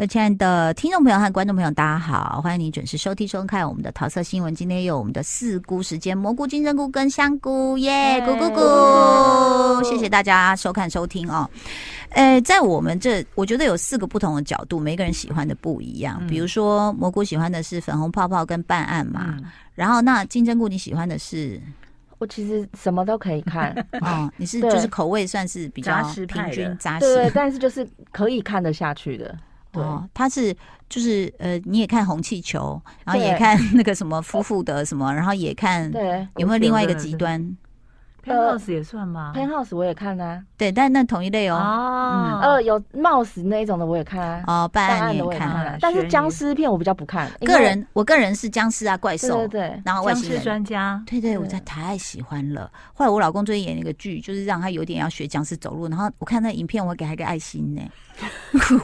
那親愛的聽眾朋友和觀眾朋友，大家好，歡迎你準時收聽收看我們的陶色新聞。今天又有我們的四菇時間，蘑菇、金針菇跟香菇耶，yeah, 欸、咕咕咕，咕咕謝謝大家收看收聽哦。誒，在我們這，我覺得有四個不同的角度，每個人喜歡的不一樣。嗯、比如說蘑菇喜歡的是粉紅泡泡跟辦案嘛，嗯、然後那金針菇你喜歡的是？我其實什麼都可以看。哦，你是對就是口味算是比較平均扎實，扎實，對，但是就是可以看得下去的。哦，他是就是呃，你也看《紅氣球》，然後也看那個什麼夫婦的什麼，然後也看有沒有另外一個極端。呃，Penthouse 也算嗎？Penthouse 我也看吶。對，但那同一類哦。哦，有冒死那一種的我也看啊。哦，辦案也看，但是僵屍片我比較不看。個人，我個人是僵屍啊，怪獸，對對，然後僵屍專家，對對，我太喜歡了。後來我老公最近演一個劇，就是讓他有點要學僵屍走路，然後我看那影片，我給他一個愛心呢。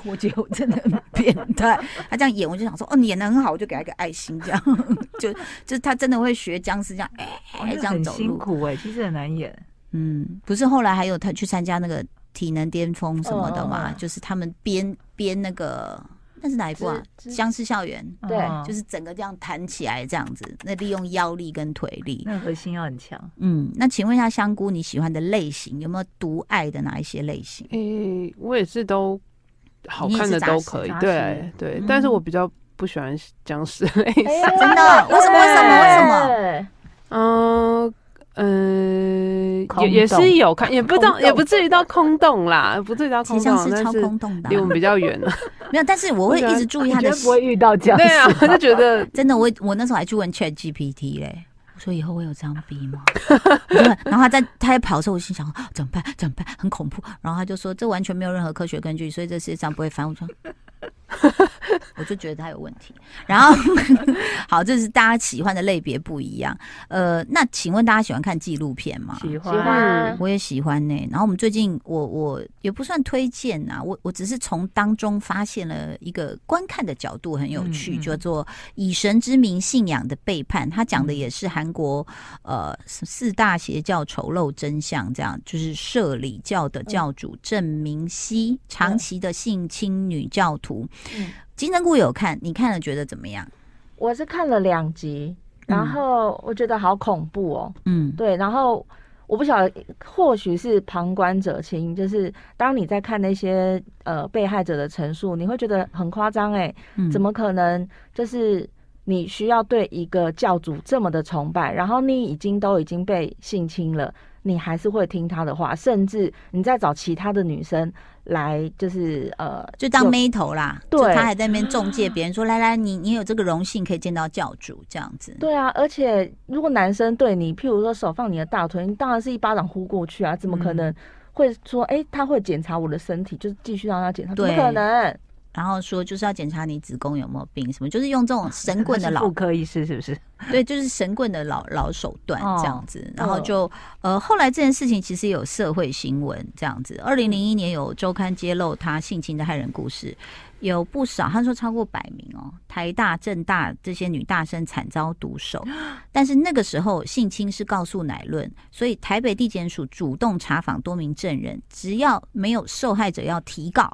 我覺得我真的很變態，他這樣演，我就想說，哦，你演的很好，我就給他一個愛心，這樣就就他真的會學僵屍這樣，哎，這樣走路，很辛苦哎，其實很難。演嗯，不是後來還有他去參加那個體能巔峰什麼的嘛？就是他們編編那個，那是哪一部啊？僵屍校園。對，就是整個這樣彈起來這樣子，那利用腰力跟腿力，那核心要很強。嗯，那請問一下香菇，你喜歡的類型有沒有獨愛的哪一些類型？誒，我也是都好看的都可以，對對，但是我比較不喜歡僵屍類型。真的？為什麼？為什麼？為什麼？嗯。呃，洞也也是有看，也不知道，洞也不至於到空洞啦，洞不至於到空洞，其實是超空洞的，但是離我們比較遠了，啊。 沒有，但是我會一直注意他的。不會遇到這樣，對啊，我就覺得 真的，我我那時候還去問 Chat GPT 嘞，我說以後會有這樣逼嗎？ 然後他在他在跑的時候，我心想，啊，怎麼辦？怎麼辦？很恐怖。然後他就說，這完全沒有任何科學根據，所以這世界上不會翻。我說。 我就覺得他有問題。然後， 好，這，就是大家喜歡的類別不一樣。呃，那請問大家喜歡看紀錄片嗎？喜歡，我也喜歡呢、欸。然後我們最近，我我也不算推薦吶、啊，我我只是從當中發現了一個觀看的角度很有趣，叫、嗯嗯、做《以神之名信仰的背叛》。他講的也是韓國呃四大邪教醜陋真相，這樣就是攝理教的教主鄭明析長期的性侵女教徒。金針菇有看，你看了覺得怎麼樣？我是看了兩集，然後我覺得好恐怖哦。嗯，對，然後我不曉得，或許是旁觀者清，就是當你在看那些呃被害者的陳述，你會覺得很誇張哎、欸，嗯、怎麼可能？就是你需要對一個教主這麼的崇拜，然後你已經都已經被性侵了，你還是會聽他的話，甚至你在找其他的女生。來就是呃，就當媒頭啦。對，就他還在那邊仲介，別人說，來來，你你有這個榮幸可以見到教主這樣子。對啊，而且如果男生對你，譬如說手放你的大腿，你當然是一巴掌呼過去啊，怎麼可能會說哎、嗯欸，他會檢查我的身體，就是繼續讓他檢查？不對可能。然後說就是要檢查你子宮有沒有病什麼，就是用這種神棍的老婦科醫師是不是？對，就是神棍的老老手段這樣子。哦、然後就呃，後來這件事情其實有社會新聞這樣子。二零零一年有周刊揭露他性侵的害人故事，有不少他說超過百名哦，台大、政大這些女大生慘遭毒手。但是那個時候性侵是告訴乃論，所以台北地檢署主動查訪多名證人，只要沒有受害者要提告。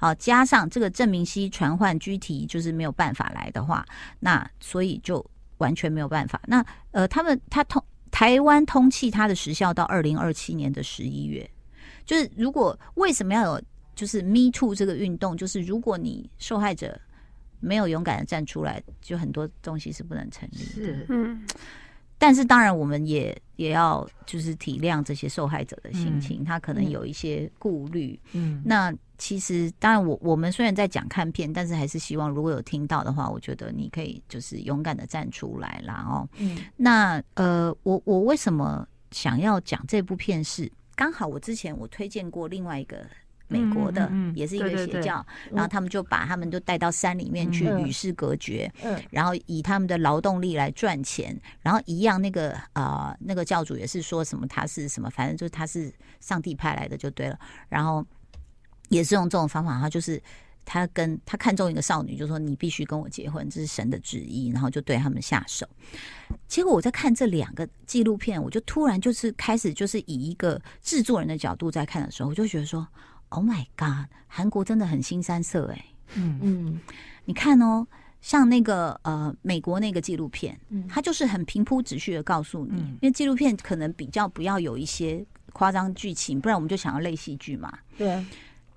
好，加上這個鄭明析傳喚拘提，就是沒有辦法來的話，那所以就完全沒有辦法。那呃，他們他通台灣通緝，它的時效到二零二七年的十一月。就是如果為什麼要有就是 Me Too 這個運動？就是如果你受害者沒有勇敢的站出來，就很多東西是不能成立的。是，嗯。但是當然，我們也也要就是體諒這些受害者的心情，嗯、他可能有一些顧慮。嗯，那其實當然我，我我們雖然在講看片，但是還是希望如果有聽到的話，我覺得你可以就是勇敢的站出來啦哦、喔。嗯，那呃，我我為什麼想要講這部片是剛好我之前我推薦過另外一個。美國的、嗯嗯嗯、也是一個邪教，對對對，然後他們就把他們就帶到山裡面去與世隔絕，嗯嗯嗯、然後以他們的勞動力來賺錢，然後一樣那個呃那個教主也是說什麼他是什麼，反正就是他是上帝派來的就對了，然後也是用這種方法，他就是他跟他看中一個少女，就說你必須跟我結婚，這是神的旨意，然後就對他們下手。結果我在看這兩個紀錄片，我就突然就是開始就是以一個制作人的角度在看的時候，我就覺得說。Oh my god！韓國真的很腥羶色哎，嗯嗯，你看哦，像那個呃，美國那個紀錄片，嗯，他就是很平鋪直敘的告訴你，嗯，因為紀錄片可能比較不要有一些誇張劇情，不然我們就想要類戲劇嘛。對，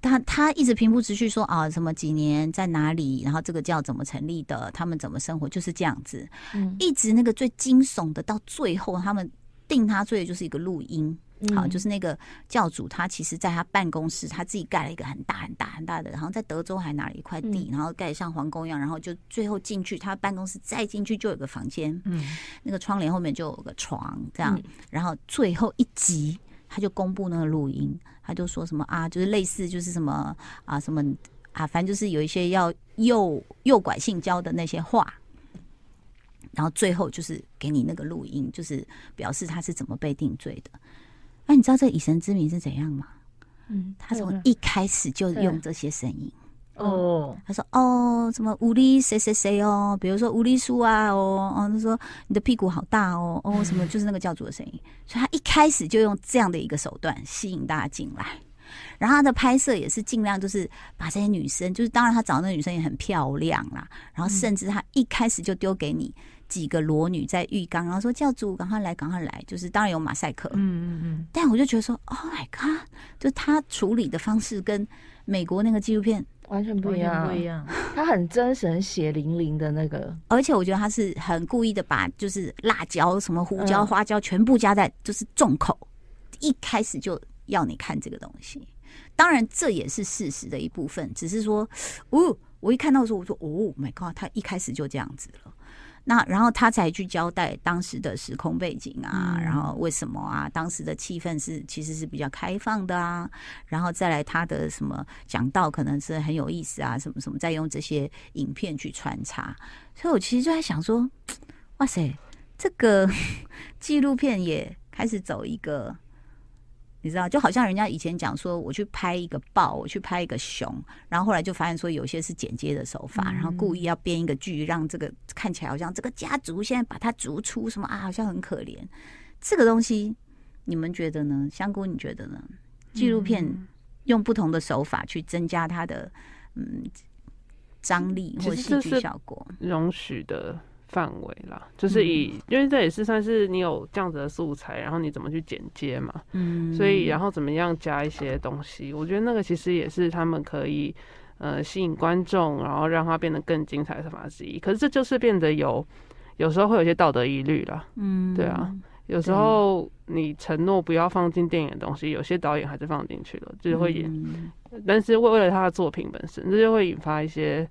他他一直平鋪直敘說啊，什麼幾年在哪裡，然後這個叫怎麼成立的，他們怎麼生活，就是這樣子。嗯，一直那個最驚悚的到最後，他們定他罪的就是一個錄音。好，就是那個教主，他其實在他辦公室，他自己蓋了一個很大很大很大的，然後在德州還拿了一塊地，然後蓋得像皇宮一樣，然後就最後進去他辦公室，再進去就有個房間，嗯，那個窗簾後面就有個床這樣，然後最後一集他就公布那個錄音，他就說什麼啊，就是類似就是什麼啊什麼啊，反正就是有一些要誘誘拐性交的那些話，然後最後就是給你那個錄音，就是表示他是怎麼被定罪的。那你知道這以神之名是怎樣嗎？嗯，他從一開始就用這些聲音哦、嗯啊啊嗯，他說哦，什麼無力、呃、誰,誰誰誰哦，比如說無力書啊哦哦，他、呃、說你的屁股好大哦哦，什麼就是那個教主的聲音， 所以他一開始就用這樣的一個手段吸引大家進來，然後他的拍攝也是儘量就是把這些女生，就是當然他找的那女生也很漂亮啦，然後甚至他一開始就丟給你。嗯幾個裸女在浴缸，然後說：“教主，趕快來，趕快來！”就是當然有馬賽克，嗯嗯嗯。但我就覺得說：“Oh my god！” 就他處理的方式跟美國那個紀錄片完全不一樣，不一樣。 他很真神，血淋淋的那個。而且我覺得他是很故意的，把就是辣椒、什麼胡椒、花椒全部加在，就是重口。嗯、一開始就要你看這個東西。當然這也是事實的一部分，只是說，哦，我一看到的時候說，我說哦 my god！” 他一開始就這樣子了。那然後他才去交代當時的時空背景啊，然後為什麼啊？當時的氣氛是其實是比較開放的啊，然後再來他的什麼講道，可能是很有意思啊，什麼什麼，再用這些影片去穿插，所以我其實就在想說，哇塞，這個紀錄片也開始走一個。你知道，就好像人家以前講說，我去拍一個豹，我去拍一個熊，然後後來就發現說，有些是剪接的手法，然後故意要編一個劇，讓這個看起來好像這個家族現在把它逐出什麼啊，好像很可憐。這個東西你們覺得呢？香菇，你覺得呢？紀錄片用不同的手法去增加它的嗯張力或戲劇效果，容許的範圍啦，就是以，嗯、因為這也是算是你有這樣子的素材，然後你怎麼去剪接嘛，嗯、所以然後怎麼樣加一些東西，我覺得那個其實也是他們可以，呃，吸引觀眾，然後讓它變得更精彩的方法之一。可是這就是變得有，有時候會有些道德疑慮了，嗯，對啊，有時候你承諾不要放進電影的東西，有些導演還是放進去了，就是會演，嗯、但是為為了他的作品本身，這就會引發一些。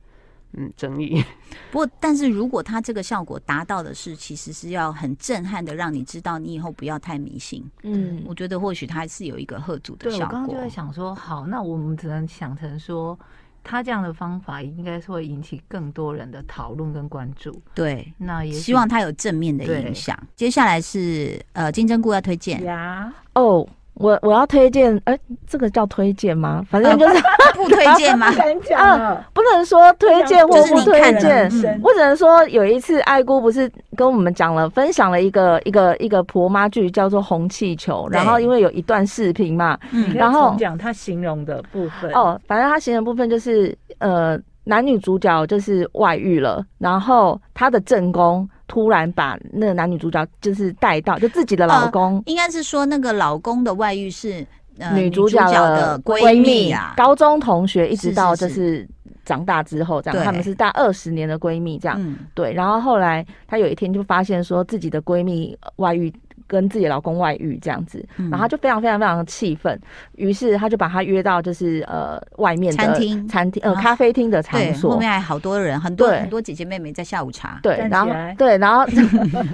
嗯，爭議。不過，但是如果他這個效果達到的是，其實是要很震撼的，讓你知道你以後不要太迷信。嗯，我覺得或許他還是有一個嚇阻的效果。對，我剛剛就在想說，好，那我們只能想成說，他這樣的方法應該是會引起更多人的討論跟關注。對，那也希望他有正面的影響。對接下來是呃，金針菇要推薦呀？哦。Yeah. Oh. 我我要推薦，哎、欸，這個叫推薦嗎？反正就是、啊、不,不推薦嗎？啊、不敢講、啊、不能說推薦或不,不,不推薦、嗯，我只能說有一次艾姑不是跟我們講了，分享了一個一個一個婆媽劇叫做《紅氣球》對，然後因為有一段視頻嘛，嗯、然後講他形容的部分、嗯、哦，反正他形容的部分就是呃男女主角就是外遇了，然後他的正宮。突然把那個男女主角就是帶到就自己的老公，呃、應該是說那個老公的外遇是、呃、女主角的閨蜜，閨蜜啊、高中同學一直到就是長大之後這樣，是是是他們是大二十年的閨蜜這樣，對，對。然後後來她有一天就發現說自己的閨蜜外遇，跟自己老公外遇這樣子，然後她就非常非常非常的氣憤，於是她就把他約到就是呃外面的餐廳、餐廳呃咖啡廳的場所、啊，後面還好多人，很多很多姐姐妹妹在下午茶。對,對，然後對，然後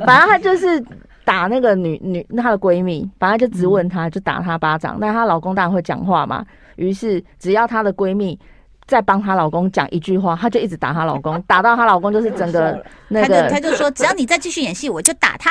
反正她就是打那個女女她的閨蜜，反正就質問她，嗯、就打她巴掌。那她老公當然會講話嘛，於是只要她的閨蜜再幫她老公講一句話，她就一直打她老公，打到她老公就是整個那個，她就她、是那個、就,就說，只要你再繼續演戲，我就打她。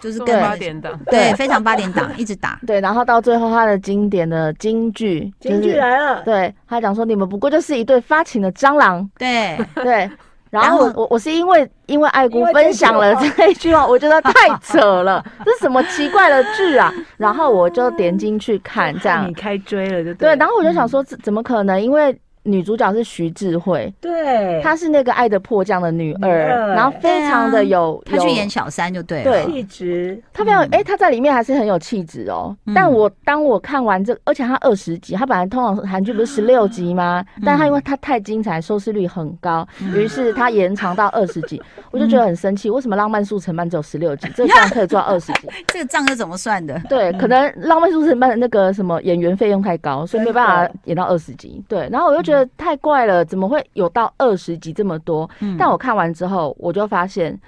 就是跟八點檔對，非常八點檔，一直打，對，然後到最後他的經典的金句，金句來了，對，他講說，你們不過就是一對發情的蟑螂，對對，然後我我是因為因為愛姑分享了這一句話，我覺得太扯了，這是什麼奇怪的劇啊？然後我就點進去看，這樣你開追了就對，然後我就想說怎怎麼可能？因為女主角是徐智慧，對，她是那個愛的迫降的女二。然後非常的有，她去演小三就對，氣質，她沒有，哎，她在裡面還是很有氣質哦。但我當我看完這，而且她二十集，她本來通常韓劇不是十六集嗎？但她因為她太精彩，收視率很高，於是她延長到二十集，我就覺得很生氣，為什麼浪漫速成班只有十六集，這個賬可以做到二十集？這個賬是怎麼算的？對，可能浪漫速成班的那個什麼演員費用太高，所以沒辦法演到二十集。對，然後我又覺得。太怪了，怎麼會有到二十集這麼多？嗯、但我看完之後，我就發現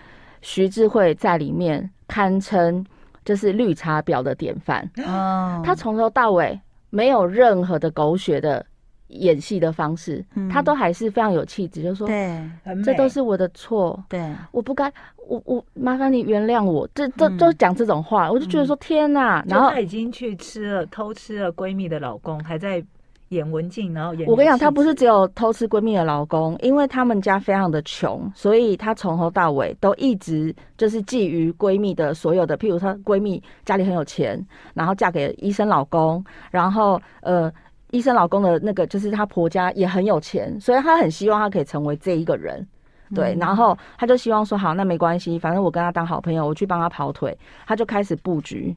徐智慧在裡面堪稱就是綠茶婊的典範。哦，她從頭到尾沒有任何的狗血的演戲的方式，嗯、她都還是非常有氣質。就說對，這都是我的錯，對，我不該，我我麻煩你原諒我，這這就講、嗯、這種話，我就覺得說、嗯、天哪，然後她已經去吃了，偷吃了閨蜜的老公，還在。演文靜，然後演。我跟你講，她不是只有偷吃閨蜜的老公，因為他們家非常的窮，所以她從頭到尾都一直就是覬覦閨蜜的所有的。譬如，她閨蜜家裡很有錢，然後嫁給醫生老公，然後呃，醫生老公的那個就是她婆家也很有錢，所以她很希望她可以成為這一個人，對。嗯。然後她就希望說，好，那沒關係，反正我跟她當好朋友，我去幫她跑腿，她就開始布局。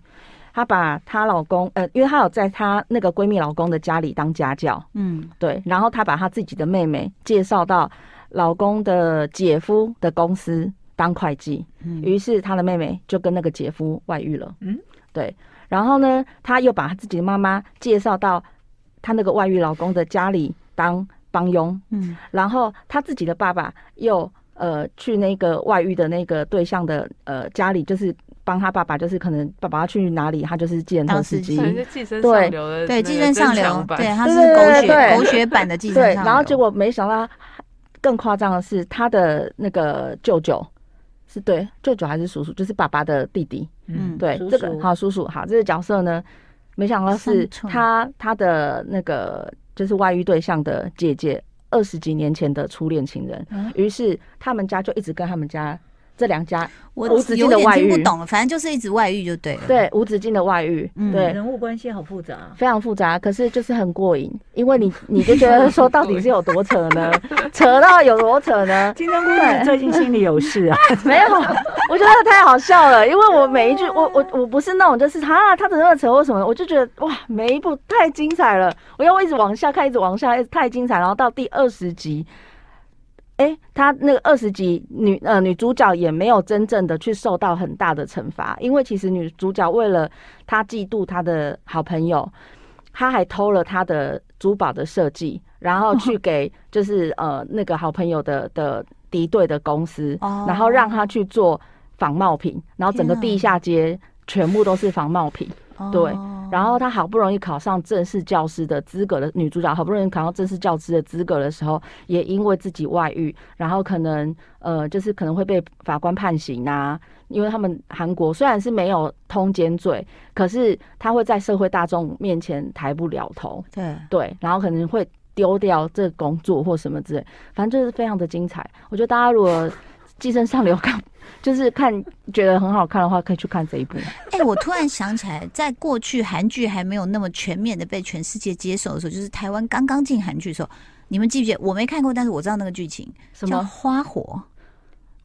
她把她老公，呃，因為她有在她那個閨蜜老公的家裡當家教，嗯，對。然後她把她自己的妹妹介紹到老公的姐夫的公司當會計，嗯。於是她的妹妹就跟那個姐夫外遇了，嗯，對。然後呢，她又把她自己的媽媽介紹到她那個外遇老公的家裡當幫傭，嗯。然後她自己的爸爸又，呃，去那個外遇的那個對象的，呃，家裡，就是。幫他爸爸，就是可能爸爸要去哪裡，他就是繼承司機，對對，寄生上流，對他是狗血狗血版的寄生。然後結果沒想到更誇張的是，他的那個舅舅，是對舅舅還是叔叔，就是爸爸的弟弟。嗯，對，這個好叔叔好，叔叔好這個角色呢，沒想到他是他衝他，他的那個就是外遇對象的姐姐，二十幾年前的初戀情人。於、嗯、是他們家就一直跟他們家，這兩家我無止境的外遇，不懂，反正就是一直外遇就對了。對，無止境的外遇。嗯，對，人物關係好複雜、啊，非常複雜。可是就是很過癮，因為你你就覺得說到底是有多扯呢？ 扯到有多扯呢？金針菇，你最近心裡有事啊？ 沒有，我覺得太好笑了。因為我每一句，我我我不是那種就是他他的那個扯或什麼，我就覺得哇，每一步太精彩了，我要一直往下看，一直往下一直，太精彩。然後到第二十集。哎，她、欸、那個二十集女呃女主角也沒有真正的去受到很大的懲罰，因為其實女主角為了她嫉妒她的好朋友，她還偷了她的珠寶的設計，然後去給就是、哦、呃那個好朋友的的敵對的公司，哦、然後讓她去做仿冒品，然後整個地下街全部都是仿冒品，天啊、對。然後她好不容易考上正式教師的資格的女主角，好不容易考上正式教師的資格的時候，也因為自己外遇，然後可能呃，就是可能會被法官判刑啊。因為他們韓國雖然是沒有通奸罪，可是她會在社會大眾面前抬不了頭。對對，然後可能會丟掉這工作或什麼之類，反正就是非常的精彩。我覺得大家如果寄生上流感 就是看覺得很好看的話，可以去看這一部。哎、欸，我突然想起來，在過去韓劇還沒有那麼全面的被全世界接受的時候，就是台灣剛剛進韓劇的時候，你們記不記得？我沒看過，但是我知道那個劇情，叫《花火》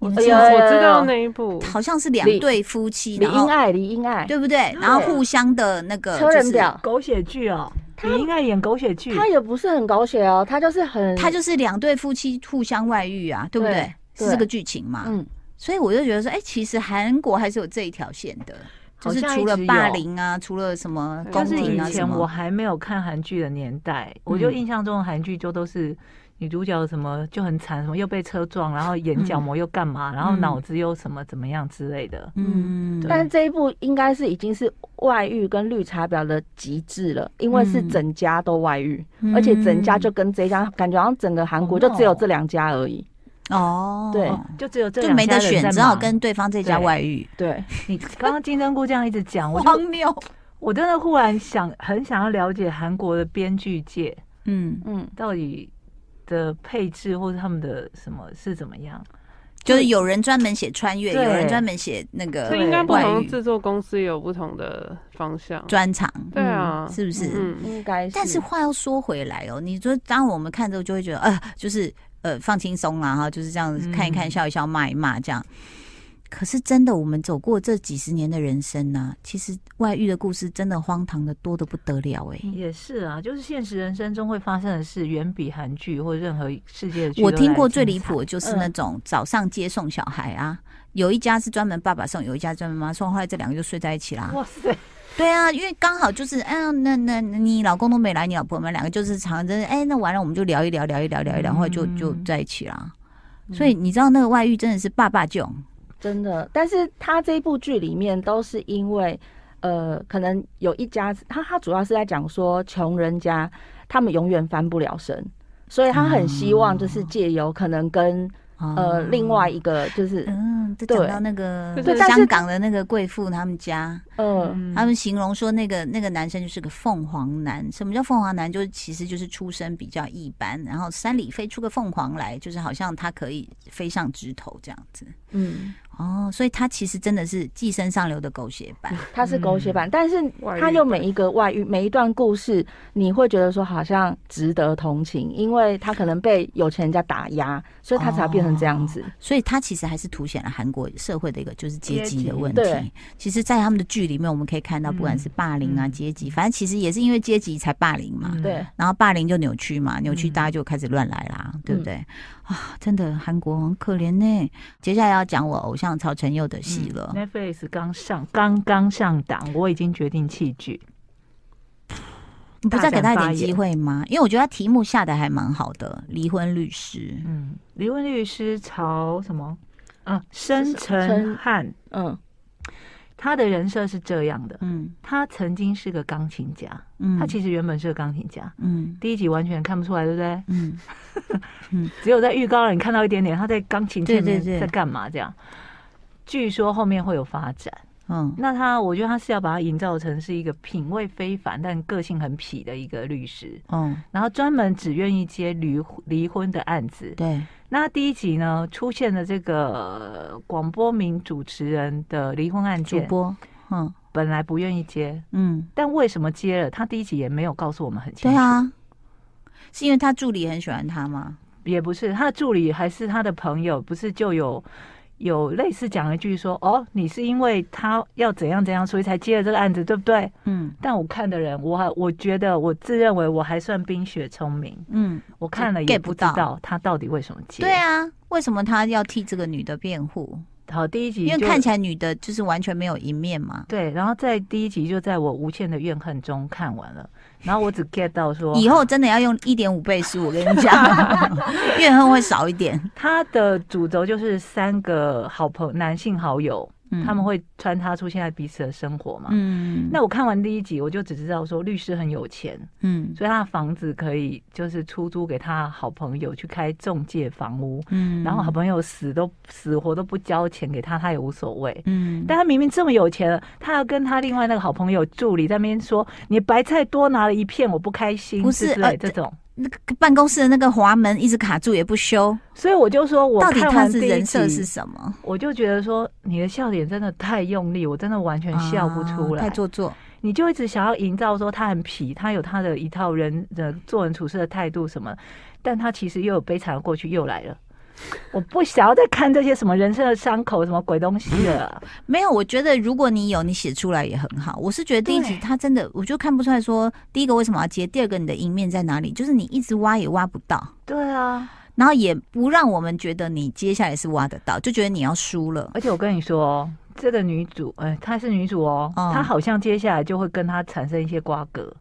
麼。知道、哎？我知道那一部，好像是兩對夫妻，的李後英愛、李英愛，對不對？然後互相的那個，就是狗血劇哦。他英愛演狗血劇，他也不是很狗血哦、啊，他就是很，他就是兩對夫妻互相外遇啊，對不對？對對是這個劇情嘛？嗯。所以我就覺得說，哎、欸，其實韓國還是有這一條線的，好像就是除了霸凌啊，除了什麼宮廷，啊，但是以前我還沒有看韓劇的年代，嗯、我就印象中的韓劇就都是女主角什麼就很慘，什麼又被車撞，然後眼角膜又幹嘛，嗯、然後腦子又什麼怎麼樣之類的。嗯，對但是這一部應該是已經是外遇跟綠茶婊的極致了，因為是整家都外遇，嗯、而且整家就跟這一家、嗯、感覺好像整個韓國就只有這兩家而已。嗯哦哦，oh, 對，就只有這個就沒得選，只好跟對方這家外遇。對，對 你剛剛金針菇這樣一直講荒謬，我，我真的忽然想很想要了解韓國的編劇界，嗯嗯，嗯到底的配置或者他們的什麼是怎麼樣？就是有人專門寫穿越，對有人專門寫那個，這應該不同製作公司有不同的方向專長，對啊，是不是嗯？嗯，應該是。但是話要說回來哦，你說當我們看之後就會覺得，呃，就是。呃，放輕鬆啊，哈，就是這樣看一看，嗯、笑一笑，罵一罵，這樣。可是真的，我們走過這幾十年的人生呢，啊，其實外遇的故事真的荒唐的多的不得了，欸，哎。也是啊，就是現實人生中會發生的事，遠比韓劇或者任何世界的劇情。我聽過最離譜的就是那種早上接送小孩啊，嗯，有一家是專門爸爸送，有一家專門媽送，後來這兩個就睡在一起啦。哇塞！對啊，因為剛好就是，哎呀，那那你老公都沒來，你老婆們兩個就是常常真是。哎，那完了我們就聊一聊，聊，聊一聊，聊、嗯、一聊，然後就就在一起了。嗯、所以你知道那個外遇真的是爸爸舅，真的。但是他這一部劇裡面都是因為，呃，可能有一家子，他他主要是在講說窮人家他們永遠翻不了身，所以他很希望就是借由可能跟、嗯、呃另外一個就是。嗯講對到那個香港的那個貴婦，他們家，嗯，他們形容說那個那個男生就是個鳳凰男。什麼叫鳳凰男？就是其實就是出身比較一般，然後山裡飛出個鳳凰來，就是好像他可以飛上枝頭這樣子。嗯，哦，所以他其實真的是寄生上流的狗血版，嗯、他是狗血版，嗯、但是他又每一個外遇,外遇每一段故事，你會覺得說好像值得同情，因為他可能被有錢人家打壓，所以他才變成這樣子、哦。所以他其實還是凸顯了韓。韓國社會的一個就是階級的問題。其實，在他們的劇裡面，我們可以看到，不管是霸凌啊、階級，反正其實也是因為階級才霸凌嘛。對，然後霸凌就扭曲嘛，扭曲大家就開始亂來啦，對不對？啊，真的，韓國很可憐呢、欸。接下來要講我偶像曹承佑的戲了。Netflix 剛上，剛剛上檔，我已經決定棄劇。你不再給他一點機會嗎？因為我覺得他題目下的還蠻好的，《離婚律師》。嗯，《離婚律師》曹什麼？啊，申晟瀚，嗯，他、呃、的人設是這樣的，嗯，他曾經是個鋼琴家，嗯，他其實原本是個鋼琴家，嗯，第一集完全看不出來，對不對？嗯，嗯 只有在預告裡看到一點點，他在鋼琴前面在幹嘛？這樣，對對對，據說後面會有發展，嗯，那他，我覺得他是要把他營造成是一個品味非凡但個性很痞的一個律師，嗯，然後專門只願意接離離婚的案子，嗯、對。那第一集呢，出現了這個廣播名主持人的離婚案件，主播，嗯，本來不願意接，嗯，但為什麼接了？他第一集也沒有告訴我們很清楚，對啊，是因為他助理很喜歡他嗎？也不是，他的助理還是他的朋友，不是就有。有類似講了一句說：“哦，你是因為他要怎樣怎樣，所以才接了這個案子，對不對？”嗯，但我看的人，我還，我覺得，我自認為我還算冰雪聰明，嗯，我看了也不知道他到底為什麼接。嗯、對啊，為什麼他要替這個女的辯護？好，第一集因為看起來女的就是完全沒有一面嘛。對，然後在第一集就在我無限的怨恨中看完了，然後我只 get 到說， 以後真的要用一點五倍速，我跟你講， 怨恨會少一點。他的主軸就是三個好朋男性好友。他們會穿插出現在彼此的生活嘛。嗯，那我看完第一集，我就只知道說律師很有錢，嗯，所以他的房子可以就是出租給他好朋友去開仲介房屋，嗯，然後好朋友死都死活都不交錢給他，他也無所謂，嗯，但他明明這麼有錢了，他要跟他另外那個好朋友助理在那邊說，你白菜多拿了一片，我不開心，不是這種。那個辦公室的那個滑門一直卡住也不修，所以我就說，我看完第一集，到底他是人設是什麼？我就覺得說，你的笑點真的太用力，我真的完全笑不出來，啊、太做作。你就一直想要營造說他很皮，他有他的一套人的做人處事的態度什麼，但他其實又有悲慘的過去又來了。我不想要再看這些什麼人生的傷口什麼鬼東西了，啊、嗯。沒有，我覺得如果你有，你寫出來也很好。我是覺得第一集他真的，對我就看不出來說。說第一個為什麼要接，第二個你的贏面在哪裡？就是你一直挖也挖不到。對啊，然後也不讓我們覺得你接下來是挖得到，就覺得你要輸了。而且我跟你說哦，這個女主，哎、欸，她是女主哦，嗯、她好像接下來就會跟她產生一些瓜葛。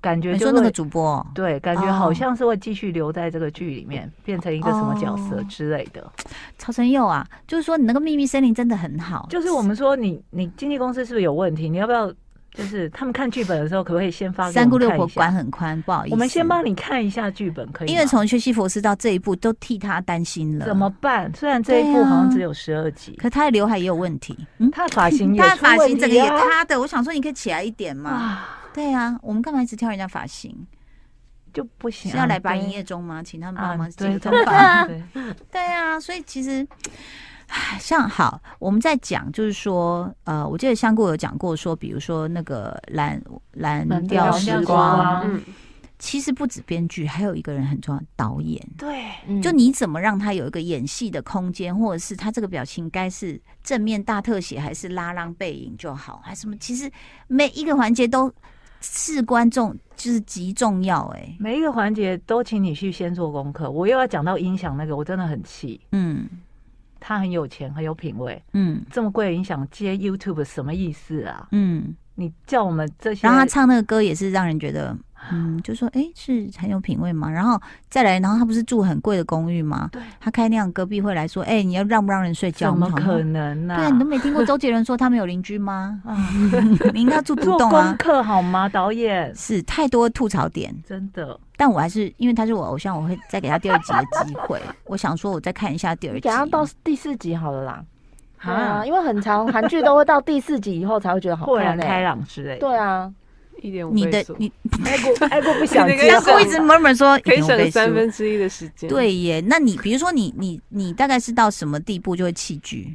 感覺你說那個主播對，感覺好像是會繼續留在這個劇裡面，變成一個什麼角色之類的。曹承佑啊，就是說你那個秘密森林真的很好。就是我們說你你經紀公司是不是有問題？你要不要就是他們看劇本的時候，可不可以先發三姑六婆管很寬，不好意思，我們先幫你看一下劇本，可以嗎？因為從薛西佛斯到這一部都替他擔心了，怎麼辦？雖然這一部好像只有十二集，可是他的劉海也有問題，嗯，他髮型也、啊，他髮型整個也塌的。我想說你可以起來一點嘛。對啊，我們幹嘛一直挑人家髮型就不行，啊？是要來拍營業中嗎？對請他們幫，幫忙剪個頭髮？啊對，對， 對啊，所以其實像好，我們在講就是說，呃，我記得香菇有講過說，比如說那個藍藍調時光，光嗯，其實不止編劇，還有一個人很重要，導演。對，嗯，就你怎麼讓他有一個演戲的空間，或者是他這個表情該是正面大特寫，還是拉浪背影就好，還是什麼？其實每一個環節都。事關重，就是極重要誒、欸、每一個環節都請你去先做功課，我又要講到音響那個，我真的很氣。嗯，他很有錢，很有品味。嗯，這麼貴的音響接 YouTube 什麼意思啊？嗯，你叫我們這些，然後他唱那個歌也是讓人覺得。嗯，就說哎、欸，是很有品味嘛。然後再來，然後他不是住很貴的公寓嘛？對。他開那樣隔壁會來說，哎、欸，你要讓不讓人睡覺嗎？怎麼可能呢、啊？對，你都沒聽過周杰倫說他們有鄰居嗎？啊，你應該要 住獨棟啊。做功課好嗎，導演？是太多吐槽點，真的。但我還是因為他是我偶像，我會再給他第二集的機會。 我想說，我再看一下第二集。給他到第四集好了啦。啊，啊，因為很長，韓劇都會到第四集以後才會覺得好看欸，豁然開朗之類、欸。對啊。1. 你的倍速 你愛過愛過不想接，愛過一直 murmur 說，可以省了三分之一的時間。時對耶，那你比如說你你你大概是到什麼地步，就會棄劇？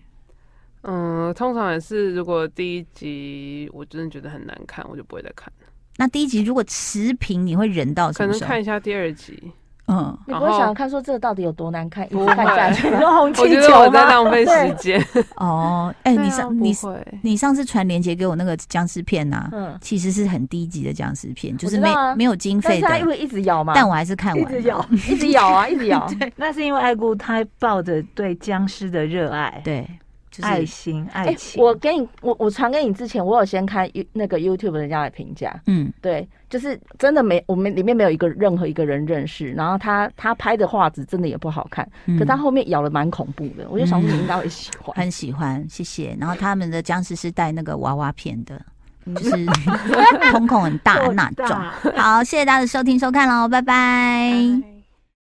嗯，通常也是如果第一集我真的覺得很難看，我就不會再看了。那第一集如果持平，你會忍到什麼時候？可能看一下第二集。嗯，你不會想要看說這個到底有多難看，一直看下去。我覺得我在浪費時間。哦，哎，你上你你上次傳鏈接給我那個殭屍片吶，其實是很低級的殭屍片，就是沒沒有經費的，因為一直咬嘛。但我還是看完，一直咬，一直咬啊，一直咬。對，那是因為愛顧他抱着對殭屍的熱愛。對。就是、愛心，愛情、欸。我給你，我我傳給你之前，我有先看那個 YouTube 人家的評價。嗯，對，就是真的沒我們裡面沒有一個任何一個人認識。然後他他拍的畫質真的也不好看，嗯、可他後面咬得蠻恐怖的。我覺得小竹你應該會喜歡、嗯，很喜歡，謝謝。然後他們的殭屍是戴那個娃娃片的，嗯、就是瞳孔 很大那種。大好，謝謝大家的收聽收看嘍，拜拜。嗯